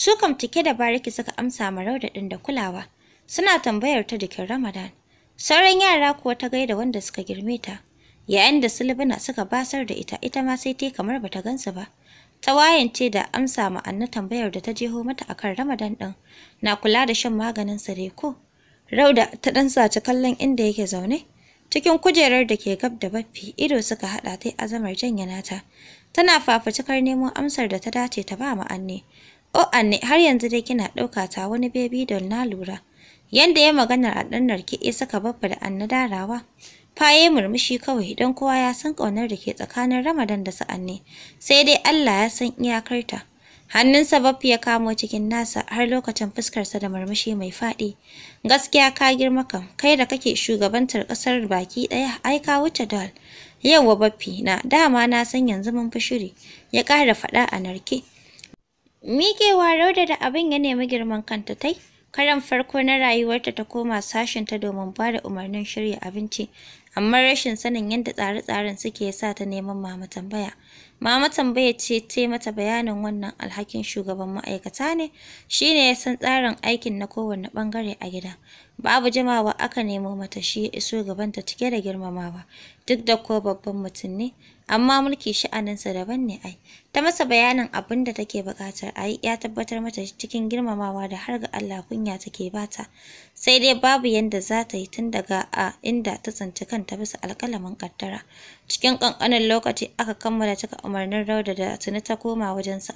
Su cike da bariki suka amsa ma ɗin da kulawa, suna tambayar ta jikin Ramadan. Sauran yara kuwa ta gaida wanda suka girme ta, yayin da Silvina suka basar da ita ita ma sai ta kamar bata gansu ba. Ta wayance da amsa ma tambayar da ta jeho mata akan Ramadan ɗin, na kula da shan maganin sa dai ko. Rauda ta ɗan saci kallon inda yake zaune, cikin kujerar da ke gab da baffi ido suka haɗa ta azamar janyana nata. Tana fafutukar neman amsar da ta dace ta ba ma'anne. O oh, Anne har yanzu dai kina ɗauka ta wani baby doll na lura. Yanda ya maganar a ɗan narke ya saka babba da anna darawa. Faye murmushi kawai don kowa ya san ƙaunar da ke tsakanin Ramadan da Sa'anne. Sai dai Allah ya san iyakarta. Hannun Baffi ya kamo cikin nasa har lokacin fuskarsa da murmushi mai faɗi. Gaskiya ka girma kam, kai da kake shugabantar ƙasar baki ɗaya ai ka wuce doll. Yawwa Baffi na dama na san yanzu mun fi shiri. Ya ƙara faɗa a narke. Mikewa rauda da abin ya nemi girman kanta tai. Karan farko na rayuwarta ta koma sashinta domin ba da umarnin shirya abinci, amma rashin sanin yadda tsare-tsaren suke sa ta neman mama tambaya. Mama tambaya ce ta mata bayanin wannan alhakin shugaban ma'aikata ne, shi ne ya san tsarin aikin na kowane ɓangare a gida. Babu jimawa aka nemo mata shi ya iso gabanta cike da girmamawa. duk da ko babban mutum ne amma mulki sha'aninsa daban ne ai ta masa bayanin abin da take buƙatar ai ya tabbatar mata cikin girmamawa da har ga Allah kunya take bata sai dai babu yanda za ta yi tun daga a inda ta tsinci kanta bisa alƙalamin ƙaddara cikin ƙanƙanin lokaci aka kammala cika umarnin Rauda da tuni ta koma wajen su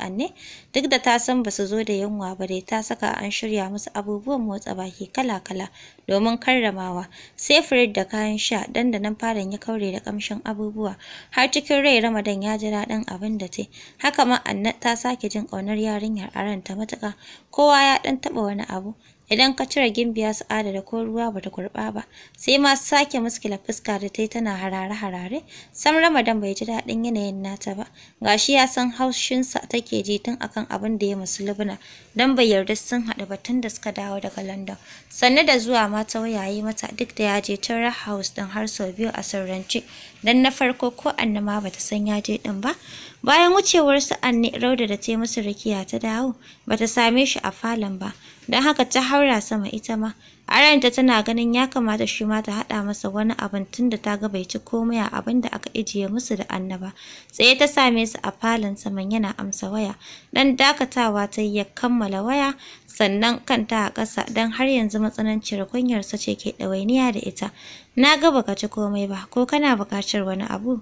duk da ta san ba su zo da yunwa ba dai ta saka an shirya musu abubuwan motsa baki kala-kala domin karramawa sai firid da kayan sha dan da fadan ya kaure da kamshin abubuwa har cikin rai ramadan ya ji daɗin abin da tai haka ma annat ta sake jin ƙaunar yarinyar a ranta matuƙa kowa ya ɗan taɓa wani abu Idan ka cire gimbiya su da ko ruwa bata kurɓa ba, sai ma sake muskila fuska da tai tana harare-harare, sam Ramadan bai ji daɗin yanayin nata ba. Gashi ya san haushinsa take ji tun akan abin da ya musu libna don bai yarda sun haɗu ba tun da suka dawo daga London. Sanne da zuwa ma ta wayaye mata duk da ya je tun house din har sau biyu a sirrance, don na farko ko annama bata san ya je din ba. Bayan wucewar su Anne Rauda da ta yi musu rikiya ta dawo, bata same shi a falon ba. don haka ta haura sama ita ma a ranta tana ganin ya kamata shi ma ta haɗa masa wani abin tun da ta ga bai ci komai a abin da aka ijiye musu da annaba tsaye ta same su a falon saman yana amsa waya dan dakatawa ta yi ya kammala waya sannan kanta a ƙasa don har yanzu kunyar sa ce ke ɗawainiya da ita na ga baka ci komai ba ko kana buƙatar wani abu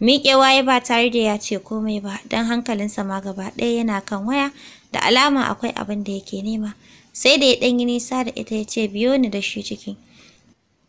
Miƙe waye ba tare da ya ce komai ba don hankalinsa ma gaba ɗaya yana kan waya da alama akwai abin da yake nema sai da ya ɗanyi nisa da ita ya ce biyo ni da shi ciki.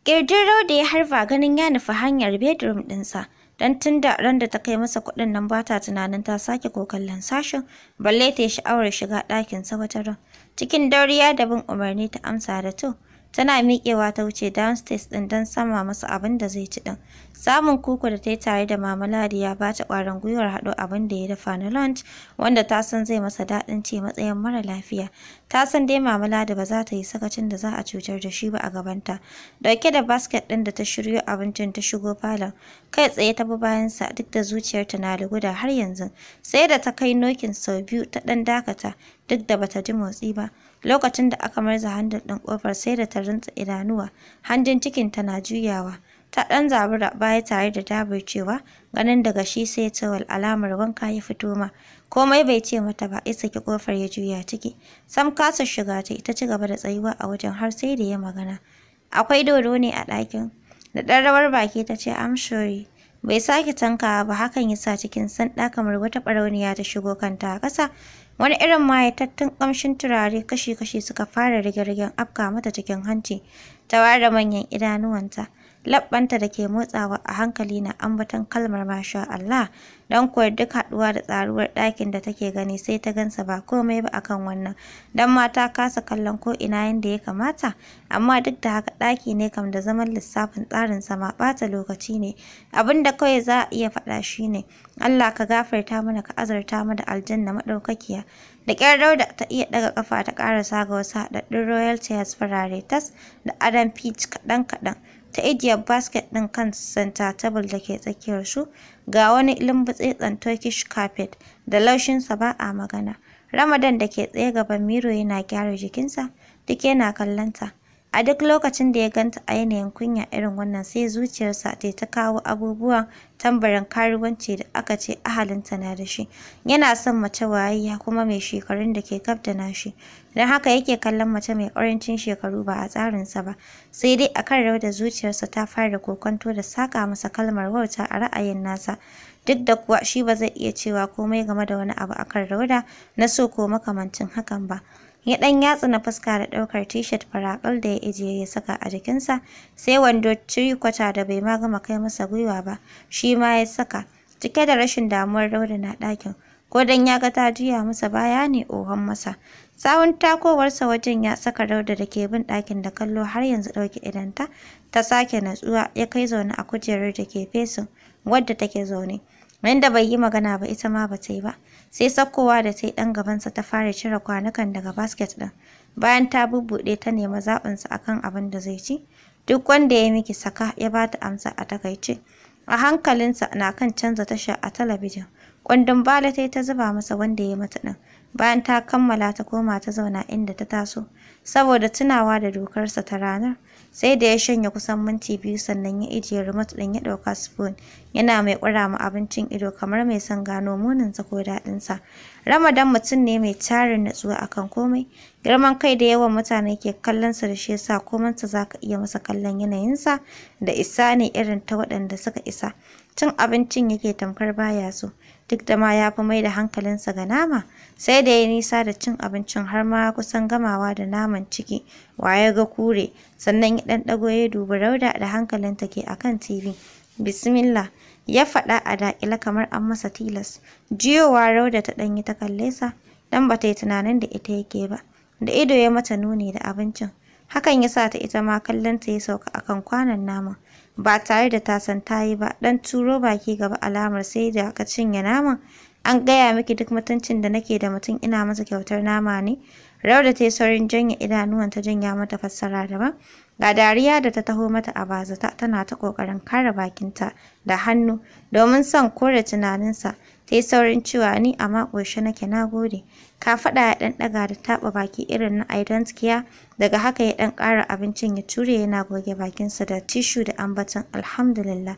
ƙirjin da ya harba ganin ya nufi hanyar bedroom ɗinsa, don tun da ran da ta kai masa kuɗin nan ba ta tunanin ta sake ko kallon sashen, balle ta yi sha'awar shiga sa wata ran. Cikin dauriya da bin umarni ta amsa da to, tana miƙewa ta wuce downstairs ɗin don sama masa abin da zai ci ɗin. Samun kuku da ta yi tare da Mama Ladi ya ba ta ƙwarin gwiwar haɗo abin da ya dafa na lunch wanda ta san zai masa daɗin ce matsayin mara lafiya. Ta san dai Mama Ladi ba za ta yi sakacin da za a cutar da shi ba a gabanta. Dauke da basket ɗin da ta shiryo abincin ta shigo falon. Kai tsaye ta bi sa duk da zuciyarta na luguda har yanzu. Sai da ta kai nokin sau biyu ta ɗan dakata duk da bata ji motsi ba. Lokacin da aka marza hannu ɗin ƙofar sai da ta rintsa idanuwa. Hanjin cikinta na juyawa. ta ɗan zabura baya tare da dabar cewa ganin daga shi sai wal alamar wanka ya fito ma komai bai ce mata ba isa ki kofar ya juya ciki sam kasa shiga ta ita ci gaba da tsayuwa a wajen har sai da ya magana akwai dodo ne a ɗakin da ɗan rawar baki ta ce am sorry bai sake tankawa ba hakan ya sa cikin sanda kamar wata barauniya ta shigo kanta a ƙasa wani irin mayatattun ƙamshin turare kashi-kashi suka fara rige-rigen afka mata cikin hanci ta ware manyan idanuwanta labbanta da ke motsawa a hankali na ambaton kalmar masha Allah don kuwa duk haɗuwa da tsaruwar ɗakin da take gani sai ta gansa ba komai ba akan wannan don mata kasa kallon ko ina yadda ya kamata amma duk da haka ɗaki ne kam da zaman lissafin tsarin sama ɓata lokaci ne abin da kawai za a iya faɗa shine Allah ka gafarta mana ka azarta mu da aljanna maɗaukakiya da ƙyar Dauda ta iya ɗaga ƙafa ta ƙarasa ga wasu haɗaɗɗun Royal chairs fararetas da Adam Peach kaɗan-kaɗan. ta ajiyar basket ɗin kan center table da ke tsakiyar su ga wani lumbutsetsen turkish carpet da laushinsa ba a magana ramadan da ke tsaye gaban miro yana gyara jikinsa duk yana kallonta a duk lokacin da ya ganta a yanayin kunya irin wannan sai zuciyarsa ta ta kawo abubuwan tambarin karuwanci da aka ce ahalinta na da shi yana son mace wayayya kuma mai shekarun da ke gab da nashi don haka yake kallon mace mai ƙarancin shekaru ba a tsarinsa ba sai dai a akan rauda zuciyarsa ta fara kokonto da saka masa kalmar wauta a ra'ayin nasa duk da kuwa shi ba zai iya cewa komai game da wani abu a kan rauda na so ko makamancin hakan ba ya ɗan yatsa na fuska da daukar t-shirt faraƙal da ya ajiye ya saka a jikinsa sai wando kwata da bai ma gama kai masa gwiwa ba shi ma ya saka cike da rashin damuwar rauda na dakin ko dan ya ga ta juya masa baya ne ohon masa tsawon takowarsa wajen ya saka rauda da ke bin dakin da kallo har yanzu dauke idan ta sake natsuwa ya kai zaune a kujerar da ke fesin wadda take zaune wanda bai yi magana ba ita ma ba ta yi ba sai sakkowa da ta yi ɗan gabansa ta fara cire kwanukan daga basket ɗin bayan ta bubbuɗe ta nemi zaɓinsa akan abin da zai ci duk wanda ya miki saka ya ba ta amsa a takaice a hankalinsa na kan canza tasha a talabijin kwandon bala ta ta zuba masa wanda ya mata ɗin bayan ta kammala ta koma ta zauna inda ta taso saboda tunawa da dokarsa ta ranar sai da ya shanya kusan minti biyu sannan ya ijiye remote din ya ɗauka spoon yana mai ƙura ma abincin ido kamar mai son gano muninsa ko daɗinsa ramadan mutum ne mai tarin natsuwa akan komai girman kai da yawan mutane ke kallonsa da shi yasa komansa za ka iya masa kallon yanayinsa da isa ne irin ta waɗanda suka isa cin abincin yake tamkar baya so duk da ma ya fi mai da hankalinsa ga nama sai da ya nisa da cin abincin har ma kusan gamawa da naman ciki waye ga kure sannan ya ɗan ɗago ya dubi rauda da hankalin ta ke akan tv bismillah ya faɗa a daƙila kamar an masa tilas jiyowa rauda ta ɗanyi ta kallesa? sa dan ba ta yi tunanin da ita yake ba da ido ya mata nuni da abincin hakan ya sa ta ita ma kallonta ya sauka a kan kwanon naman ba tare da ta san ta yi ba dan turo baki gaba alamar sai da ka cinye naman an gaya miki duk mutuncin da nake da mutum ina masa kyautar nama ne Rauda ta yi saurin janye idanuwan ta janya mata fassara daban. Ga dariya da ta taho mata a bazata tana ta ƙoƙarin kare bakinta da hannu domin son kore tunaninsa ta yi saurin cewa ni a makoshe nake na gode ka faɗa ya ɗan ɗaga da taɓa baki irin na i kiya daga haka ya ɗan ƙara abincin ya ture yana goge bakinsa da tishu da ambaton alhamdulillah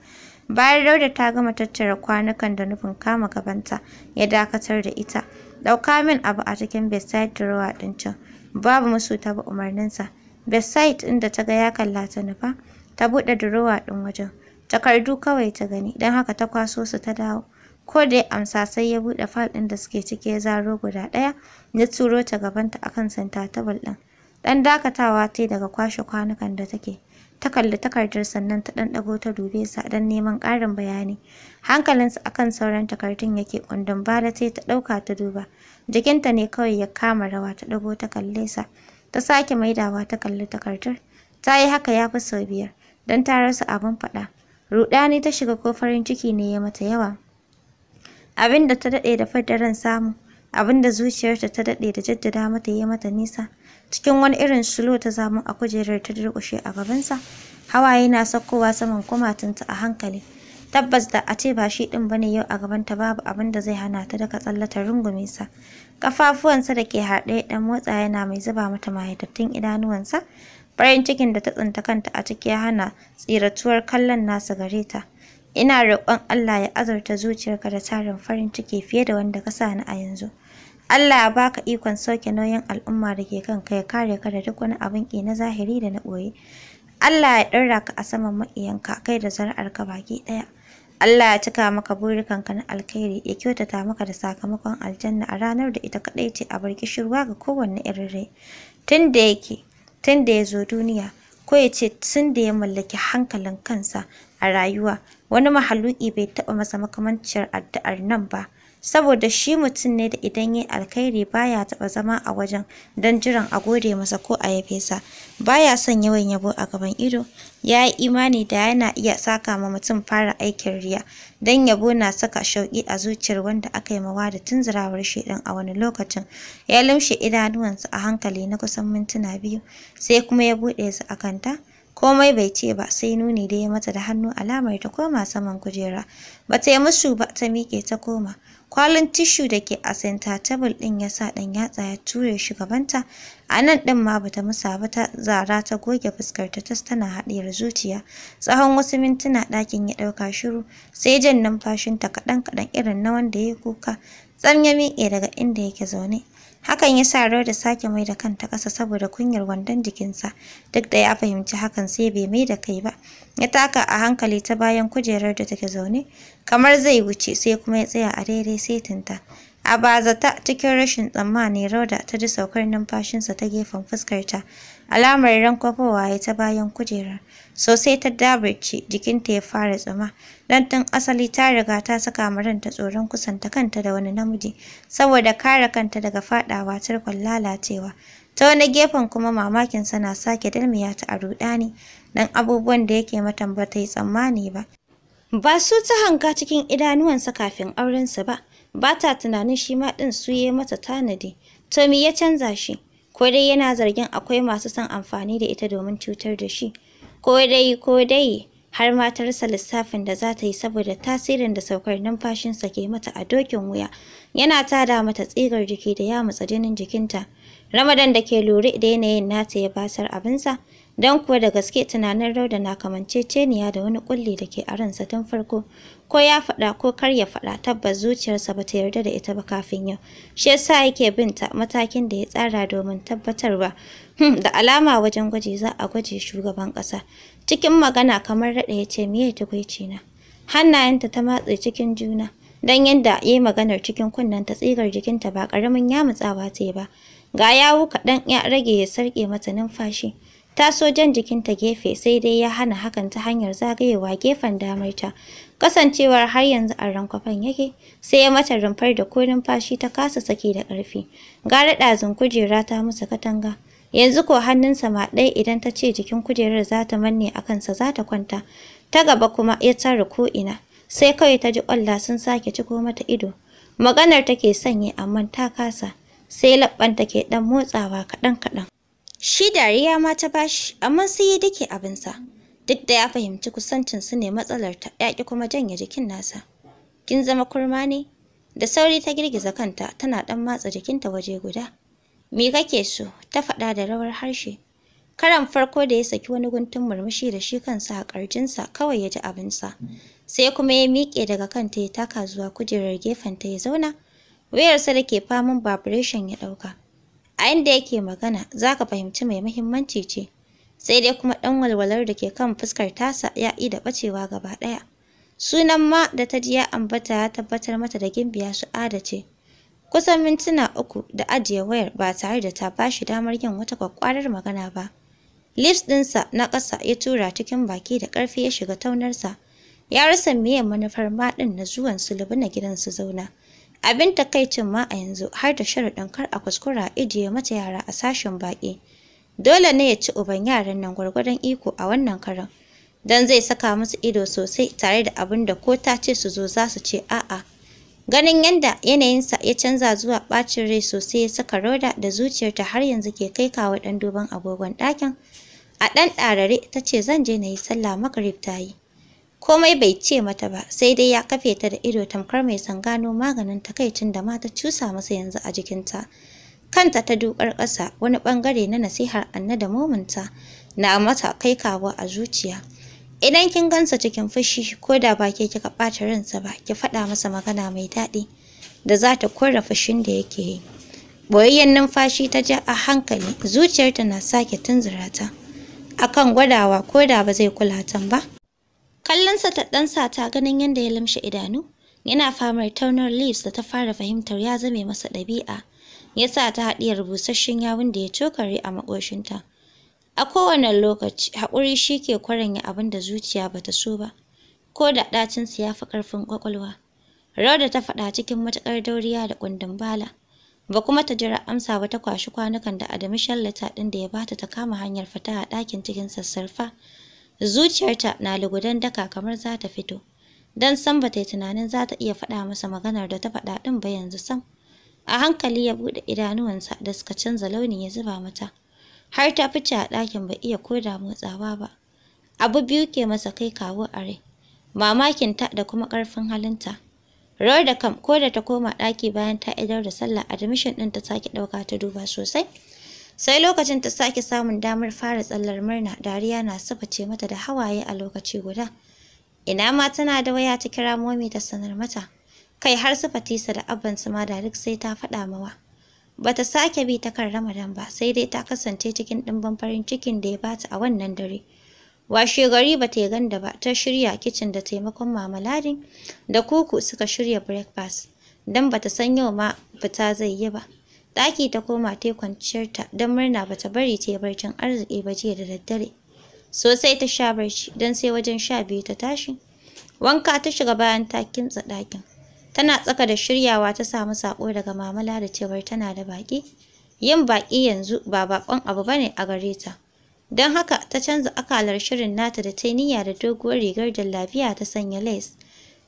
bayan rauda ta gama tattara kwanukan da nufin kama gabanta ya dakatar da ita ɗauka min abu a cikin bedside drawer ɗin can babu musu ta umarninsa bedside ɗin da ta ga ya kalla ta nufa ta buɗe drawer ɗin wajen takardu kawai ta gani don haka ta kwaso su ta dawo ko da ya amsa sai ya buɗe fal ɗin da suke cike ya zaro guda ɗaya ya turo ta gabanta akan santa tabal ɗin ɗan dakatawa ta daga kwashe kwanukan da take ta kalli takardar sannan ta ɗan ɗago ta dube sa don neman ƙarin bayani hankalinsa akan sauran takardun yake kundin bala ta ta ɗauka ta duba jikinta ne kawai ya kama rawa ta ɗago ta kalle sa ta sake maidawa ta kalli takardar ta yi haka ya fi sau biyar don ta rasa abin faɗa ruɗani ta shiga ko farin ciki ne ya mata yawa abin da ta daɗe da fadaran samu abin da zuciyarta ta daɗe da jaddada mata yi mata nisa cikin wani irin shilo ta zamu a kujerar ta durkushe a gabansa hawaye na sakkowa saman kumatunta a hankali tabbas da a ce ba shi ɗin bane yau a gaban ta, babu abin da zai hana ta daga tsallata, rungume sa kafafuwansa da ke haɗe ɗan motsa yana mai zuba mata mahaitattun idanuwansa farin cikin da ta tsinta kanta a ciki ya hana tsiratuwar kallon nasa gare ta Ina roƙon Allah ya azurta zuciyarka da tarin farin ciki fiye da wanda ka sa ni a yanzu. Allah ya baka ikon sauke nauyin al'umma da ke kanka ya kare ka da duk wani abin ke na zahiri da na ɓoye. Allah ya ɗora ka a saman maƙiyanka kai da zara'arka baki ɗaya. Allah ya cika maka burikanka na alkhairi ya kyautata maka da sakamakon aljanna a ranar da ita kaɗai ce a bar kishirwa ga kowanne irin rai. Tun da yake, tun da ya zo duniya, ko ya ce tun da ya mallaki hankalin kansa a rayuwa, wani mahaluki bai taɓa masa makamancin addu'ar nan ba saboda shi mutum ne da idan yayi alkhairi baya taɓa zama a wajen don jiran a gode masa ko a yabe sa baya son yawan yabo a gaban ido ya yi imani da yana iya saka ma mutum fara aikin riya don yabo na saka shauƙi a zuciyar wanda aka yi mawa da tunzurawar ɗin a wani lokacin ya lumshe idanuwansa a hankali na kusan mintuna biyu sai kuma ya buɗe su a kanta komai bai ce ba sai nuni da ya mata da hannu alamar ta koma saman kujera Ba ta yi musu ba ta miƙe ta koma kwalin tishu da ke a senta tabul ɗin ya sa ɗan yatsa ya ture shi gabanta a nan ɗin ma ba ta musa ba ta zara ta goge fuskar ta tas tana haɗiyar zuciya tsawon wasu mintuna ɗakin ya ɗauka shiru sai jan numfashinta kaɗan kaɗan irin na wanda ya yi kuka tsam ya miƙe daga inda yake zaune Hakan ya sa da sake mai da kanta ƙasa saboda kunyar wandon jikinsa, duk da ya fahimci hakan sai bai mai da kai ba. Ya taka a hankali ta bayan kujerar da take zaune, kamar zai wuce sai kuma ya tsaya a daidai setinta. A bazata cikin rashin tsammani Rhoda ta ji saukar numfashinsa ta gefen fuskarta. alamar rankwafowa ya ta bayan kujera. sosai ta dabarce jikinta ya fara tsuma don tun asali ta riga ta saka ma ranta tsoron kusanta kanta da wani namiji saboda kare kanta daga fadawa, tarkon lalacewa ta wani gefen kuma mamakin na sake dalmiya ta a rudani, don abubuwan da yake mata ba yi tsammani ba ba su ta hanka cikin idanuwansa kafin aurensa ba ba ta tunanin shi ma din su yi mata tanadi to ya canza shi ko dai yana zargin akwai masu son amfani da ita domin cutar da shi ko dai ko dai har matarsa lissafin da za ta yi saboda tasirin da saukar numfashinsa ke mata a dokin wuya yana tada mata tsigar jiki da ya matsa jinin jikinta Ramadan da ke lure da yanayin nata ya basar abinsa, don kuwa da gaske tunanin Rauda na kamanceceniya da wani kulli da ke a ransa tun farko. Ko ya faɗa ko kar ya faɗa tabbas zuciyarsa ba ta yarda da ita ba kafin yau. Shi yasa yake binta matakin da ya tsara domin tabbatarwa. Hmm, da alama wajen gwaji za a gwaje shugaban ƙasa. Cikin magana kamar raɗa ya ce miye tukwaici na. Hannayenta ta matse cikin juna. Don yadda ya yi maganar cikin kunnen ta tsigar jikinta ba ƙaramin yamutsawa ce ba. ga yawu kaɗan ya rage ya sarƙe mata numfashi ta so jan jikinta gefe sai dai ya hana hakan ta hanyar zagayewa gefen damarta kasancewar har yanzu a rankwafan yake sai ya mata rumfar da ko numfashi ta kasa saki da ƙarfi gara ɗazun kujera ta musa katanga yanzu ko hannunsa ma ɗaya idan ta ce jikin kujerar za ta manne a kansa za ta kwanta ta gaba kuma ya tsara ko'ina sai kawai ta ji ƙwalla sun sake ciko mata ido maganar take sanye amma ta kasa sai labbanta ke dan motsawa kaɗan-kaɗan. Shi dariya ma ta bashi, amma sai ya dake sa Duk da ya fahimci kusancin su ne matsalar ta yaki kuma janye jikin nasa. Kin zama kurma ne? Da sauri ta girgiza kanta, tana dan matsa jikinta waje guda. Me kake so? ta faɗa da rawar harshe. Karan farko da ya saki wani guntun murmushi da shi kansa a ƙarjinsa kawai ya ji abin sa Sai kuma ya miƙe daga kanta ya taka zuwa kujerar gefen ta ya zauna. wayarsa da ke faman vibration ya ɗauka. A inda yake magana zaka fahimci mai muhimmanci ce, sai dai kuma ɗan walwalar da ke kan fuskar tasa ya yi da ɓacewa gaba ɗaya. Sunan ma da ta ji ya ambata ya tabbatar mata da gimbiya su'ada ce. Kusan mintuna uku da ajiye wayar ba tare da ta ba shi damar yin wata kwakwarar magana ba. Lips ɗinsa na ƙasa ya tura cikin baki da ƙarfi ya shiga taunarsa. Ya rasa miyan manufar maɗin na zuwan su na gidan su zauna. Abin takaicin ma a yanzu har da sharaɗin kar a kuskura a ijiye mata yara a sashen baƙi. Dole ne ya ci uban yaran nan gwargwadon iko a wannan karan. Don zai saka musu ido sosai tare da abin da ko ta ce su zo za su ce a'a. Ganin yadda yanayinsa ya canza zuwa ɓacin rai sosai ya saka Roda da zuciyarta har yanzu ke kai kawo ɗan duban agogon ɗakin. A ɗan ɗarare ta ce zan je na yi sallah magrib ta yi. Komai bai ce mata ba, sai dai ya kafe ta da ido tamkar mai san gano maganin takaicin da mata cusa masa yanzu a jikinta. Kanta ta dukar ƙasa wani ɓangare na nasihar Anna da mumunta, na mata kai kawo a zuciya. Idan kin gansa cikin fushi ko da ba ke kika ɓata ransa ba, ki faɗa masa magana mai daɗi da za ta kora fushin da yake yi. Boyayyen numfashi ta ja a hankali, zuciyarta na sake tunzura Akan gwadawa ko da ba zai kula ba. Kallonsa ta ɗansa ta ganin yadda ya lamshe idanu, yana famar taunar leaves da ta fara fahimtar ya zame masa ɗabi'a, ya sa ta haɗiya rubusasshen yawun da ya cokare a maƙoshinta. A kowane lokaci, haƙuri shi ke kwaranya abin da zuciya ba ta so ba, ko da ɗacinsa ya fi ƙarfin ƙwaƙwalwa. Rauda ta faɗa cikin matuƙar dauriya da ƙundin bala, ba kuma ta jira amsa ba ta kwashi kwanukan da Adamu shallata ɗin da ya bata ta kama hanyar fita a ɗakin cikin sassarfa. Zuciyarta na lugudan daka kamar za ta fito. Dan san ba ta yi tunanin za ta iya faɗa masa maganar da ta faɗa ɗin ba yanzu sam. A hankali ya buɗe idanuwansa da suka canza launi ya zuba mata. Har ta fice a ɗakin bai iya koda motsawa ba. Abu biyu ke masa kai kawo a rai. Mamakinta da kuma ƙarfin halinta. Rawar da kam ko da ta koma ɗaki bayan ta idar da sallah admission ɗin ta sake ɗauka ta duba sosai. Sai lokacin ta sake samun damar fara tsallar murna, dariya na sabace mata da hawaye a lokaci guda. Ina ma tana da waya ta kira momi ta sanar mata. Kai har su Fatisa da su ma da duk sai ta faɗa mawa. Bata sake bi ta kan Ramadan ba, sai dai ta kasance cikin ɗimbin farin cikin da ya bata a wannan dare. Washe gari ba ta yi ganda ba, ta shirya kicin da taimakon Mama Ladin da Kuku suka shirya breakfast, don ba ta san yau ma fita zai yi ba. Ɗaki ta koma ta yi kwanciyarta don murna ba ta bari ta yi barcin arziki ba jiya da daddare. Sosai ta sha barci don sai wajen sha biyu ta tashi. Wanka ta shiga bayan ta kintsa ɗakin. Tana tsaka da shiryawa ta samu saƙo daga mamala da cewar tana da baƙi. Yin baƙi yanzu ba baƙon abu ba ne a gare ta. Don haka ta canza akalar shirin nata da ta niyya da doguwar rigar da lafiya ta sanya lace.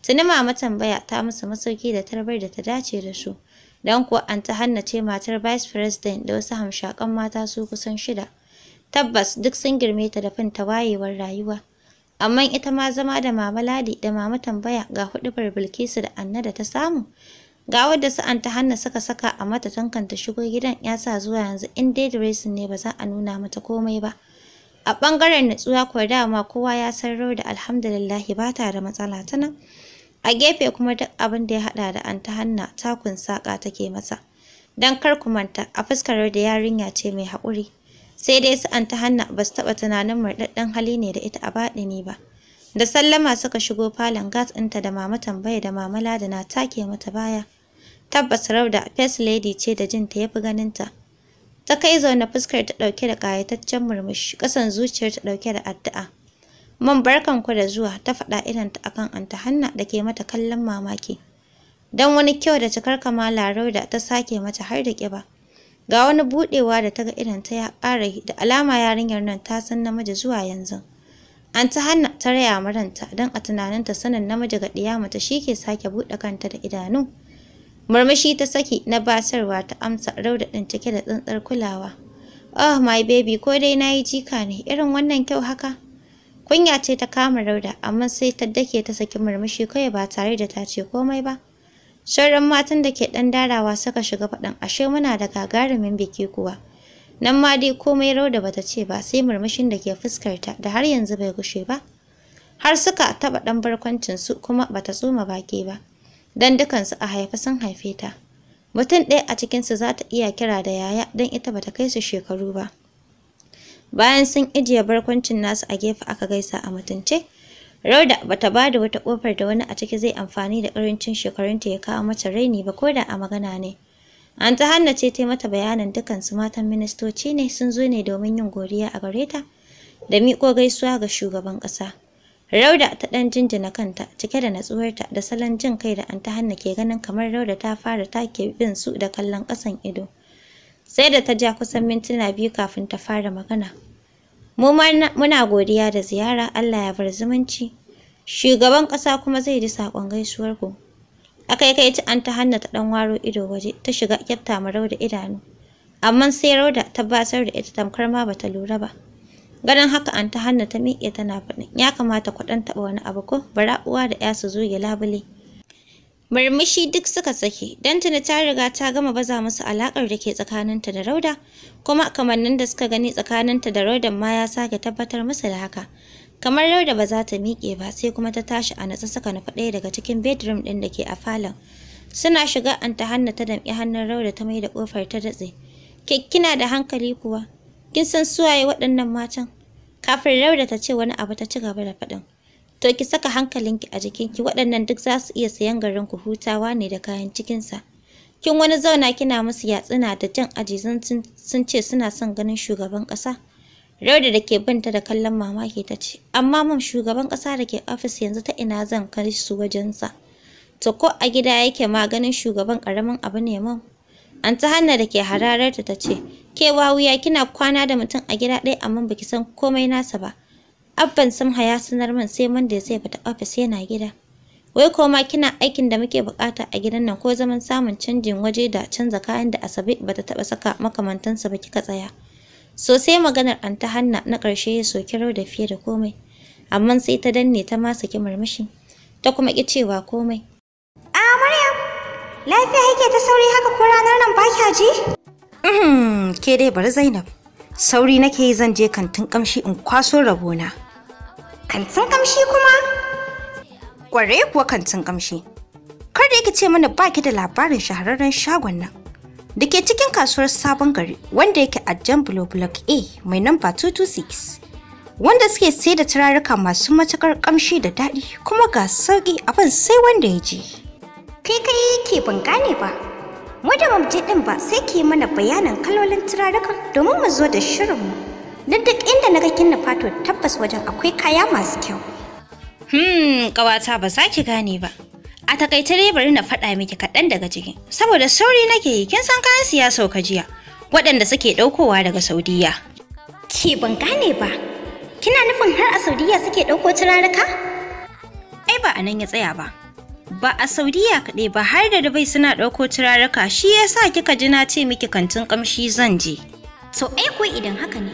Tuni mama tambaya ta musu masauki da tarbar da ta dace da su. don kuwa an ta hannace matar vice president da wasu hamshakan mata su kusan shida. Tabbas duk sun girme ta da ta wayewar rayuwa. Amma ita ma zama da mama Ladi da mama tambaya ga huɗubar Bilkisu da Anna da ta samu. Ga wadda su ta hanna saka saka a mata tankanta shigo gidan ya sa zuwa yanzu in dai dressing ne ba za a nuna mata komai ba. A ɓangaren natsuwa kuwa dama kowa ya san da alhamdulillahi ba ta da matsala ta nan. a gefe kuma duk abin da ya hada da an ta hanna takun saka take masa dan kar ku manta a fuskar da yarinya ce mai haƙuri sai dai su an ta hanna ba su taɓa tunanin murɗaɗɗen hali ne da ita a ne ba da sallama suka shigo falon gas ɗinta da mama tambaya da mama lada na take mata baya tabbas rauda first lady ce da jinta ya fi ganinta ta kai zaune fuskar ta ɗauke da ƙayataccen murmushi ƙasan zuciyar ta ɗauke da addu'a Mun barkan ku da zuwa ta faɗa irin ta akan Anta Hanna da ke mata kallon mamaki. Don wani kyau da cikar kamala Rauda ta sake mata har da ƙiba. Ga wani buɗewa da ta ga ta ya ƙara da alama yarinyar nan ta san namiji zuwa yanzu. Anta Hanna ta raya maranta don a tunaninta sanin namiji ga ɗiya mata shi ke sake buɗe kanta da idanu. Murmushi ta saki na basarwa ta amsa Rauda ɗin cike da tsantsar kulawa. Oh my baby ko dai na yi jika ne irin wannan kyau haka? Kunya ce ta kama Rauda, amma sai ta dake ta saki murmushi kawai ba tare da ta ce komai ba. Sauran matan da ke ɗan darawa suka shiga faɗin ashe muna da gagarumin biki kuwa. Nan ma dai komai Rauda bata ce ba sai murmushin da ke fuskarta da har yanzu bai gushe ba. Har suka taɓa ɗan barkwancinsu kuma bata tsoma baki ba. Don dukansu a haifi sun haife ta. Mutum ɗaya a cikinsu za ta iya kira da yaya don ita bata kai su shekaru ba. Bayan sun ijiye barkwancin nasu a gefe aka gaisa a mutunce, Rauda bata ba da wata kofar da wani a ciki zai amfani da karancin shekarunta ya kawo mata raini ba ko da a magana ne. An ta hanna ce ta mata bayanin su matan ministoci ne sun zo ne domin yin godiya a gare ta da miƙo gaisuwa ga shugaban ƙasa. Rauda ta ɗan jinjina kanta cike da natsuwarta da salon jin kai da an ta hanna ke ganin kamar Rauda ta fara take bin su da kallon ƙasan ido. sai da ta ja kusan mintuna biyu kafin ta fara magana. Mu muna godiya da ziyara Allah ya bar zumunci. Shugaban ƙasa kuma zai ji saƙon gaisuwar ku. A kaikaici an ta hanna ta ɗan waro ido waje ta shiga kyafta marau da idanu. Amma sai rauda ta basar da ita tamkar ma bata lura ba. Ganin haka an ta hanna ta miƙe tana faɗin ya kamata ku ɗan taɓa wani abu ko bara uwa da ya su zo ya labule. murmushi duk suka sake don tuni ta riga ta gama baza musu alakar da ke tsakaninta da rauda kuma kamannin da suka gani tsakaninta da raudan ma ya sake tabbatar musu da haka kamar rauda ba za ta miƙe ba sai kuma ta tashi a natsa saka nufi ɗaya daga cikin bedroom ɗin da ke a falon suna shiga an ta hanna ta damƙi hannun rauda ta mai da ƙofar ta datse kina da hankali kuwa kin san suwaye waɗannan matan kafin rauda ta ce wani abu ta ci gaba da faɗin To ki saka hankalinki a jikinki waɗannan duk za su iya sayan garin ku hutawa ne da kayan cikinsa. Kin wani zauna kina musu yatsuna da jan ajizan sun ce suna son ganin shugaban ƙasa. Rauda da ke binta da kallon mamaki ta ce, amma mun shugaban ƙasa da ke ofis yanzu ta ina zan kai su wajensa. To ko a gida yake ma ganin shugaban ƙaramin abu ne An Anta Hanna da ke harararta ta ce, ke wawiya kina kwana da mutum a gida ɗaya amma baki san komai nasa ba. abban samha ya sanar min sai da zai fita ofis yana gida wai ko ma kina aikin da muke bukata a gidan nan ko zaman samun canjin waje da canza kayan da asabe bata taba saka makamantansa ba kika tsaya so sai maganar anta hanna na karshe ya soki da fiye da komai amma sai ta danne ta ma saki murmushi ta kuma ki cewa komai a maryam lafiya yake ta sauri haka ko ranar nan ba kya ji uhm, ke dai bari zainab sauri nake yi zan je kantin kamshi in kwaso rabona kantin kamshi kuma ƙware kuwa kantin kamshi kar da yake ce mana baki da labarin shahararren shagon nan da ke cikin kasuwar sabon gari wanda yake a jan block a mai namba 226 wanda suke sai da turaruka masu matakar kamshi da daɗi kuma ga sauƙi abin sai wanda ya je kai kai ke ban gane ba mu da je ɗin ba sai ke mana bayanan kalolin turarukan domin mu zo da shirinmu Duk duk inda na ga kinna fato tabbas wajen akwai kaya masu kyau. Hmm, ƙawata ba za ki gane ba. A takaice dai bari na faɗa miki kaɗan daga cikin. Saboda sauri nake yi, kin san kayan siyasa ka jiya, waɗanda suke ɗaukowa daga Saudiya. Ke ban gane ba. Kina nufin har a Saudiya suke ɗauko turaruka? Ai ba a nan ya tsaya ba. Ba a Saudiya kaɗai ba har da Dubai suna ɗauko turaruka shi yasa kika ji na ce miki kantin ƙamshi zan je. To ai ko idan haka ne,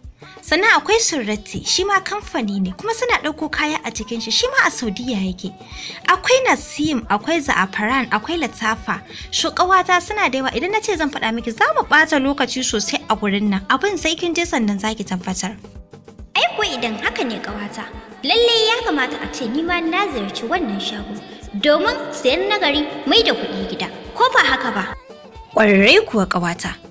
sannan akwai surratti shi ma kamfani ne kuma suna ɗauko kaya a cikin shi shi ma a saudiya yake akwai nasim akwai za'afaran akwai latafa shukawata suna da yawa idan na ce zan faɗa miki za mu ɓata lokaci sosai a gurin nan abin sai kin je sannan zaki tabbatar ai ko idan haka ne kawata lalle ya kamata a ce ni ma na ziyarci wannan shago domin sayan nagari mai da kuɗi gida ko ba haka ba ƙwararrai kuwa kawata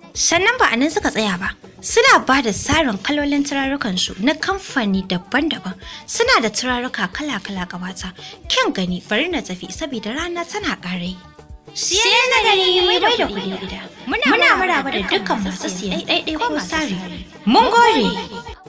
Sannan ba a nan suka tsaya ba, suna ba da tsarin kalolin turarukansu na kamfani daban-daban suna da turaruka kala-kala gabata. Kyan gani bari na tafi saboda rana tana karai Siyan na gani da kuɗi gida. Muna muraba da dukkan masu siyan ɗaiɗai ko Mun gore!